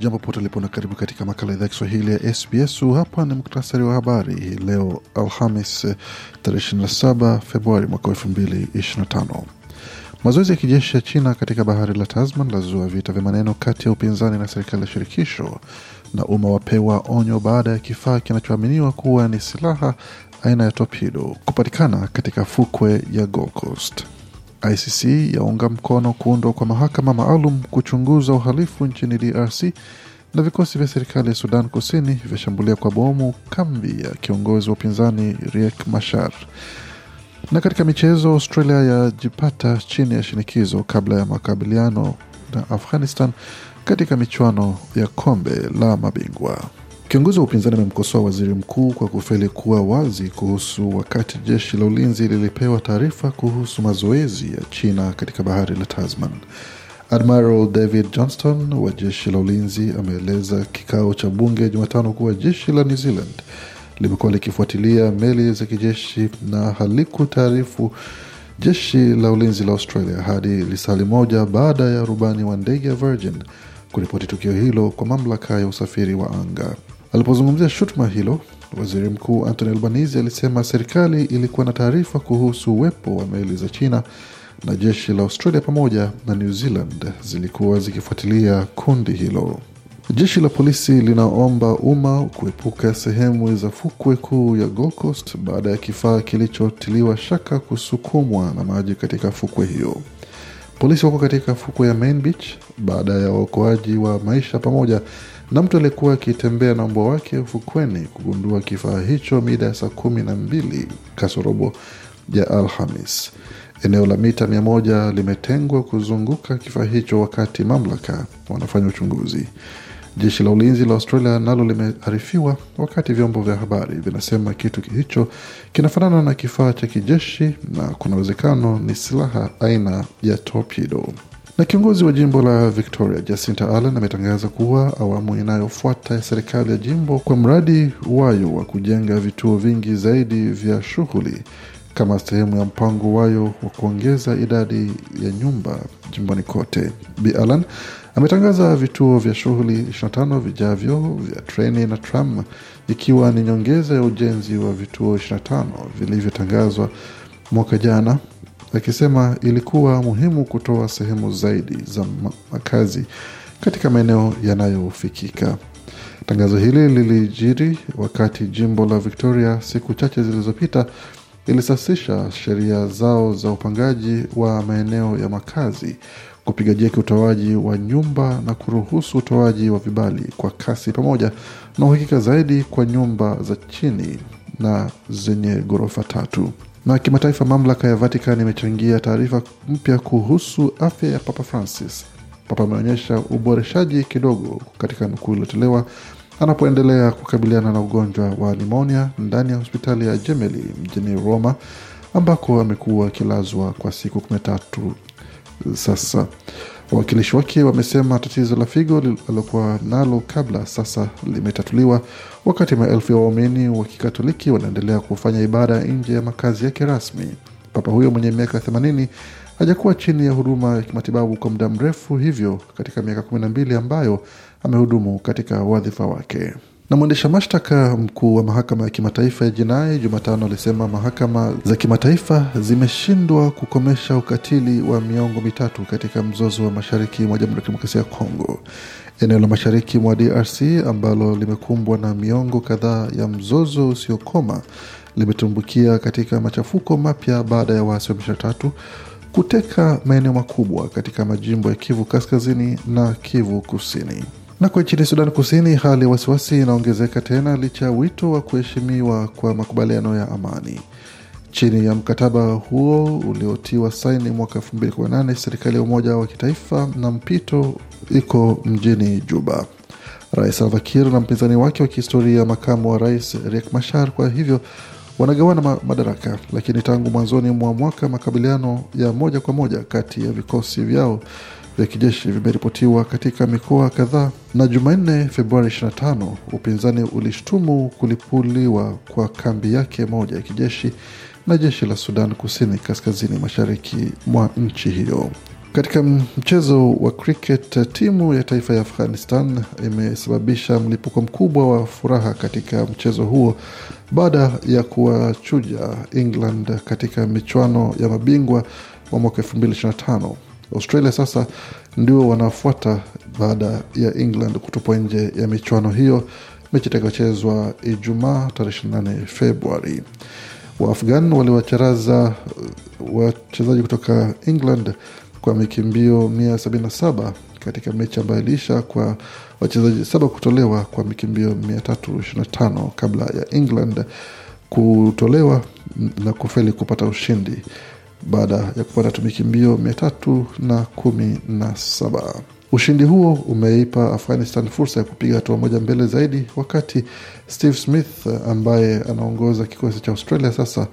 Jambo pote lipo na karibu katika makala idhaa ya Kiswahili ya SBS. Hapa ni muktasari wa habari hii leo Alhamis 27 Februari mwaka 2025. Mazoezi ya kijeshi ya China katika bahari la Tasman lazua vita vya maneno kati ya upinzani na serikali ya shirikisho, na umma wapewa onyo baada ya kifaa kinachoaminiwa kuwa ni silaha aina ya torpedo kupatikana katika fukwe ya Gold Coast. ICC yaunga mkono kuundwa kwa mahakama maalum kuchunguza uhalifu nchini DRC na vikosi vya serikali ya Sudan Kusini vyashambulia kwa bomu kambi ya kiongozi wa upinzani Riek Machar. Na katika michezo, Australia yajipata chini ya shinikizo kabla ya makabiliano na Afghanistan katika michuano ya kombe la mabingwa. Kiongozi wa upinzani amemkosoa waziri mkuu kwa kufeli kuwa wazi kuhusu wakati jeshi la ulinzi lilipewa taarifa kuhusu mazoezi ya China katika bahari la Tasman. Admiral David Johnston wa jeshi la ulinzi ameeleza kikao cha bunge Jumatano kuwa jeshi la New Zealand limekuwa likifuatilia meli za kijeshi na halikutaarifu jeshi la ulinzi la Australia hadi lisali moja baada ya rubani wa ndege ya Virgin kuripoti tukio hilo kwa mamlaka ya usafiri wa anga. Alipozungumzia shutuma hilo, waziri mkuu Anthony Albanese alisema serikali ilikuwa na taarifa kuhusu uwepo wa meli za China na jeshi la Australia pamoja na New Zealand zilikuwa zikifuatilia kundi hilo. Jeshi la polisi linaomba umma kuepuka sehemu za fukwe kuu ya Gold Coast baada ya kifaa kilichotiliwa shaka kusukumwa na maji katika fukwe hiyo. Polisi wako katika fukwe ya Main Beach baada ya waokoaji wa maisha pamoja na mtu aliyekuwa akitembea na mbwa wake ufukweni kugundua kifaa hicho mida ya saa kumi na mbili kasorobo ya Alhamis. Eneo la mita mia moja limetengwa kuzunguka kifaa hicho wakati mamlaka wanafanya uchunguzi. Jeshi la ulinzi la Australia nalo limearifiwa, wakati vyombo vya habari vinasema kitu hicho kinafanana na kifaa cha kijeshi na kuna uwezekano ni silaha aina ya torpedo. Na kiongozi wa jimbo la Victoria Jacinta Allen ametangaza kuwa awamu inayofuata ya serikali ya jimbo kwa mradi wayo wa kujenga vituo vingi zaidi vya shughuli kama sehemu ya mpango wayo wa kuongeza idadi ya nyumba jimboni kote. Bi Allen ametangaza vituo vya shughuli 25 vijavyo vya treni na tram, ikiwa ni nyongeza ya ujenzi wa vituo 25 vilivyotangazwa mwaka jana akisema ilikuwa muhimu kutoa sehemu zaidi za makazi katika maeneo yanayofikika. Tangazo hili lilijiri wakati jimbo la Victoria siku chache zilizopita ilisasisha sheria zao za upangaji wa maeneo ya makazi kupiga jeki utoaji wa nyumba na kuruhusu utoaji wa vibali kwa kasi pamoja na uhakika zaidi kwa nyumba za chini na zenye ghorofa tatu. Na kimataifa, mamlaka ya Vatican imechangia taarifa mpya kuhusu afya ya Papa Francis. Papa ameonyesha uboreshaji kidogo katika nukuu iliyotolewa anapoendelea kukabiliana na ugonjwa wa nimonia ndani ya hospitali ya Gemelli mjini Roma, ambako amekuwa akilazwa kwa siku kumi na tatu sasa. Wawakilishi wake wamesema tatizo la figo lilokuwa nalo kabla sasa limetatuliwa, wakati maelfu ya waumini wa Kikatoliki wanaendelea kufanya ibada nje ya makazi yake rasmi. Papa huyo mwenye miaka 80 hajakuwa chini ya huduma ya kimatibabu kwa muda mrefu hivyo katika miaka 12 ambayo amehudumu katika wadhifa wake. Na mwendesha mashtaka mkuu wa mahakama ya kimataifa ya jinai Jumatano alisema mahakama za kimataifa zimeshindwa kukomesha ukatili wa miongo mitatu katika mzozo wa mashariki mwa Jamhuri ya Kidemokrasia ya Kongo. Eneo la mashariki mwa DRC ambalo limekumbwa na miongo kadhaa ya mzozo usiokoma limetumbukia katika machafuko mapya baada ya waasi wa M23 kuteka maeneo makubwa katika majimbo ya Kivu Kaskazini na Kivu Kusini. Na kwa nchini Sudan Kusini, hali ya wasiwasi inaongezeka tena licha ya wito wa kuheshimiwa kwa makubaliano ya amani. Chini ya mkataba huo uliotiwa saini mwaka 2018, serikali ya umoja wa kitaifa na mpito iko mjini Juba. Rais Salva Kiir na mpinzani wake wa kihistoria makamu wa rais Riek Machar kwa hivyo wanagawana madaraka, lakini tangu mwanzoni mwa mwaka makabiliano ya moja kwa moja kati ya vikosi vyao vya kijeshi vimeripotiwa katika mikoa kadhaa. Na Jumanne, Februari 25, upinzani ulishtumu kulipuliwa kwa kambi yake moja ya kijeshi na jeshi la Sudan Kusini kaskazini mashariki mwa nchi hiyo. Katika mchezo wa cricket, timu ya taifa ya Afghanistan imesababisha mlipuko mkubwa wa furaha katika mchezo huo baada ya kuwachuja England katika michuano ya mabingwa wa mwaka Australia sasa ndio wanafuata baada ya England kutupwa nje ya michuano hiyo, mechi itakayochezwa Ijumaa tarehe 28 Februari. Waafghan waliwacharaza uh, wachezaji kutoka England kwa mikimbio 177 katika mechi ambayo iliisha kwa wachezaji saba kutolewa kwa mikimbio 325 kabla ya England kutolewa na kufeli kupata ushindi baada ya kupata tumiki mbio mia tatu na kumi na saba. Ushindi huo umeipa Afghanistan fursa ya kupiga hatua moja mbele zaidi, wakati Steve Smith ambaye anaongoza kikosi cha Australia sasa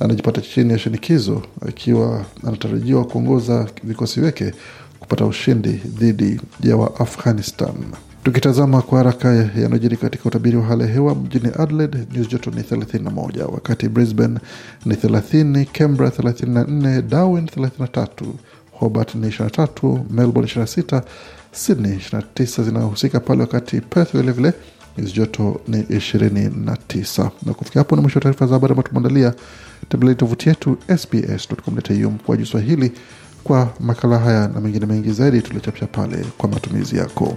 anajipata chini ya shinikizo, akiwa anatarajiwa kuongoza vikosi vyake kupata ushindi dhidi ya Waafghanistan. Tukitazama kwa haraka yanayojiri katika utabiri wa hali ya hewa, mjini Adelaide nyuzi joto ni 31, wakati Brisbane ni 30, Canberra 34, Darwin 33, Hobart ni 23, Melbourne 26, Sydney 29 zinahusika pale, wakati Perth vilevile nyuzi joto ni 29. Na kufikia hapo ni mwisho wa taarifa za habari ambayo tumeandalia. Tembelea tovuti yetu sbs.com.au kwa Swahili kwa makala haya na mengine mengi zaidi tuliochapisha pale kwa matumizi yako.